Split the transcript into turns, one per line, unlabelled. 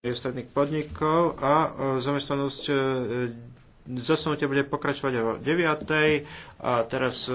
stredných podnikov a e, zamestnanosť e, e, zasunutie bude pokračovať o 9. A teraz